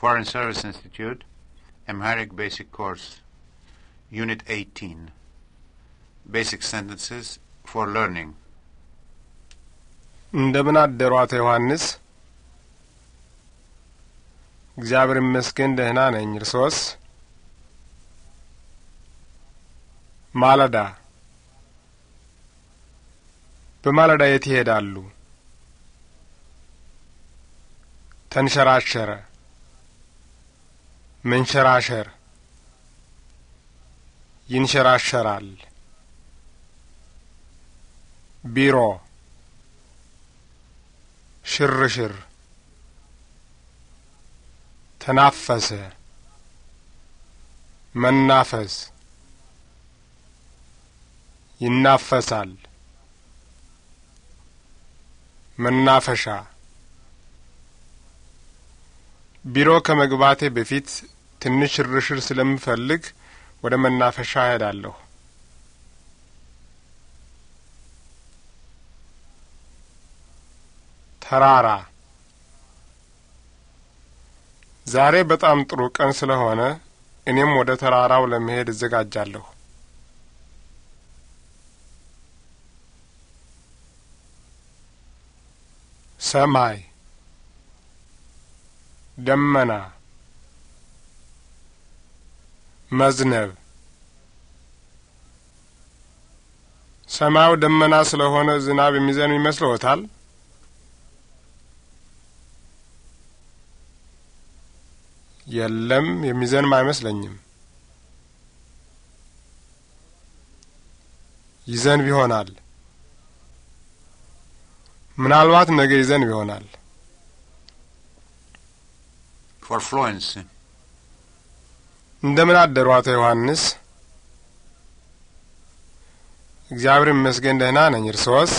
Foreign Service Institute, Amharic Basic Course, Unit 18, Basic Sentences for Learning. እንደምን አደሩ አቶ ዮሐንስ? እግዚአብሔር ይመስገን ደህና ነኝ። እርሶስ? ማለዳ በማለዳ የት ይሄዳሉ? ተንሸራሸረ መንሸራሸር ይንሸራሸራል። ቢሮ ሽርሽር ተናፈሰ መናፈስ ይናፈሳል መናፈሻ ቢሮ ከመግባቴ በፊት ትንሽ ሽርሽር ስለምፈልግ ወደ መናፈሻ እሄዳለሁ። ተራራ ዛሬ በጣም ጥሩ ቀን ስለሆነ እኔም ወደ ተራራው ለመሄድ እዘጋጃለሁ። ሰማይ ደመና መዝነብ ሰማዩ ደመና ስለሆነ ዝናብ የሚዘንብ ይመስልዎታል? የለም፣ የሚዘንም አይመስለኝም። ይዘንብ ይሆናል። ምናልባት ነገ ይዘንብ ይሆናል። for Florence. እንደምን አደሩ አቶ ዮሐንስ? እግዚአብሔር ይመስገን ደህና ነኝ። እርስዎስ?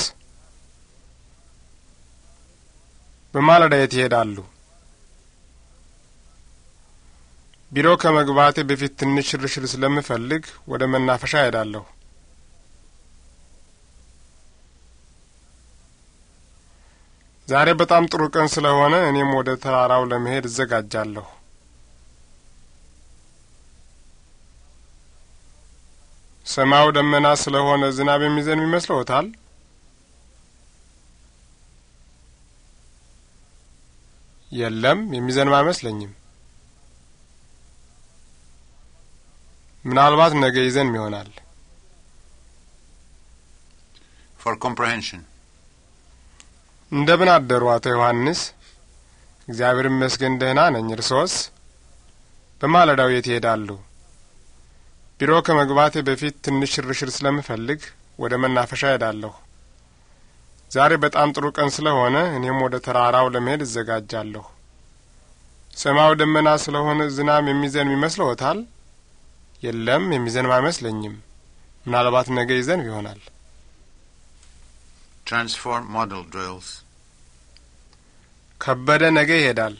በማለዳ የት ይሄዳሉ? ቢሮ ከመግባቴ በፊት ትንሽ ሽርሽር ስለምፈልግ ወደ መናፈሻ እሄዳለሁ። ዛሬ በጣም ጥሩ ቀን ስለሆነ እኔም ወደ ተራራው ለመሄድ እዘጋጃለሁ። ሰማዩ ደመና ስለሆነ ዝናብ የሚዘንብ ይመስልዎታል? የለም፣ የሚዘንብ አይመስለኝም። ምናልባት ነገ ይዘን ይሆናል። ፎር ኮምፕሬንሽን ምን አደሩ አቶ ዮሐንስ? እግዚአብሔር ይመስገን ደህና ነኝ። እርሶስ? በማለዳው የት ይሄዳሉ? ቢሮ ከመግባቴ በፊት ትንሽ ሽርሽር ስለምፈልግ ወደ መናፈሻ ሄዳለሁ። ዛሬ በጣም ጥሩ ቀን ስለሆነ እኔም ወደ ተራራው ለመሄድ እዘጋጃለሁ። ሰማዩ ደመና ስለሆነ ዝናብ የሚዘንብ ይመስልዎታል? የለም፣ የሚዘንብ አይመስለኝም። ምናልባት ነገ ይዘንብ ይሆናል። ትራንስፎርም model ድሪልስ ከበደ ነገ ይሄዳል።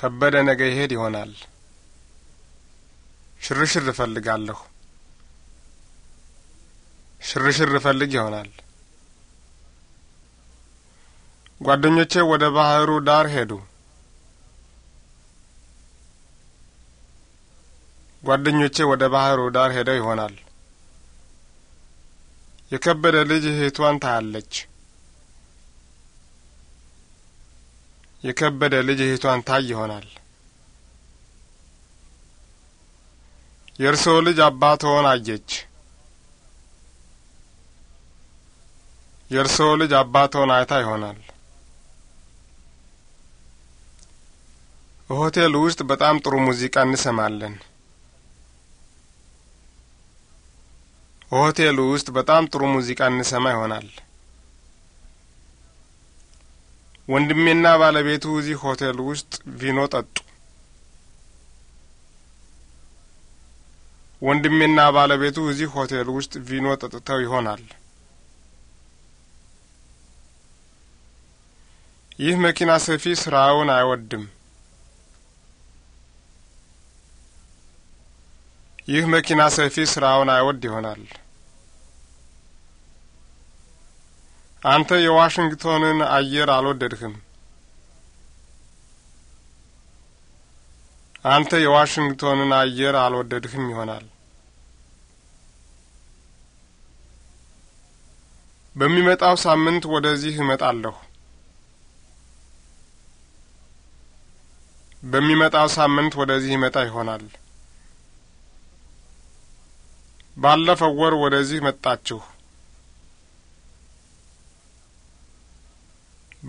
ከበደ ነገ ይሄድ ይሆናል። ሽርሽር እፈልጋለሁ። ሽርሽር እፈልግ ይሆናል። ጓደኞቼ ወደ ባህሩ ዳር ሄዱ። ጓደኞቼ ወደ ባህሩ ዳር ሄደው ይሆናል። የከበደ ልጅ እህቷን ታያለች። የከበደ ልጅ እህቷን ታይ ይሆናል። የእርስዎ ልጅ አባትዎን አየች። የእርስዎ ልጅ አባትዎን አይታ ይሆናል። በሆቴል ውስጥ በጣም ጥሩ ሙዚቃ እንሰማለን። በሆቴሉ ውስጥ በጣም ጥሩ ሙዚቃ እንሰማ ይሆናል። ወንድሜና ባለቤቱ እዚህ ሆቴል ውስጥ ቪኖ ጠጡ። ወንድሜና ባለቤቱ እዚህ ሆቴል ውስጥ ቪኖ ጠጥተው ይሆናል። ይህ መኪና ሰፊ ስራውን አይወድም። ይህ መኪና ሰፊ ስራውን አይወድ ይሆናል። አንተ የዋሽንግቶንን አየር አልወደድህም። አንተ የዋሽንግቶንን አየር አልወደድህም ይሆናል። በሚመጣው ሳምንት ወደዚህ እመጣለሁ። በሚመጣው ሳምንት ወደዚህ ይመጣ ይሆናል። ባለፈው ወር ወደዚህ መጣችሁ።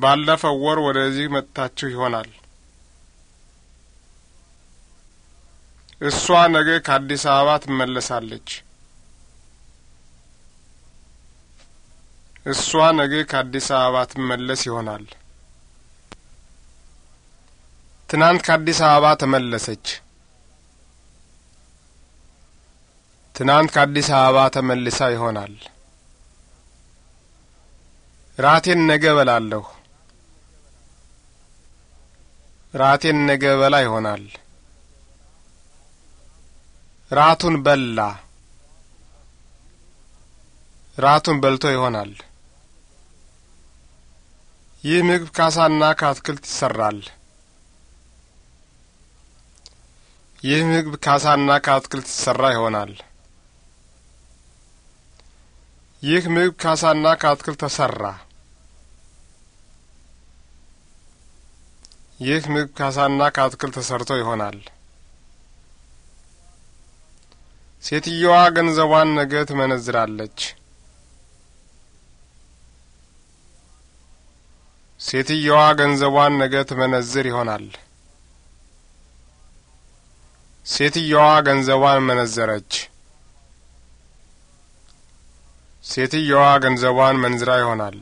ባለፈው ወር ወደዚህ መጥታችሁ ይሆናል። እሷ ነገ ከአዲስ አበባ ትመለሳለች። እሷ ነገ ከአዲስ አበባ ትመለስ ይሆናል። ትናንት ከአዲስ አበባ ተመለሰች። ትናንት ከአዲስ አበባ ተመልሳ ይሆናል። ራቴን ነገ እበላለሁ። ራቴን ነገ በላ ይሆናል። ራቱን በላ ራቱን በልቶ ይሆናል። ይህ ምግብ ካሳና ከአትክልት ይሰራል። ይህ ምግብ ካሳና ከአትክልት ይሰራ ይሆናል። ይህ ምግብ ካሳና ከአትክልት ተሰራ። ይህ ምግብ ካሳና ከአትክልት ተሰርቶ ይሆናል። ሴትየዋ ገንዘቧን ነገ ትመነዝራለች። ሴትየዋ ገንዘቧን ነገ ትመነዝር ይሆናል። ሴትየዋ ገንዘቧን መነዘረች። ሴትየዋ ገንዘቧን መንዝራ ይሆናል።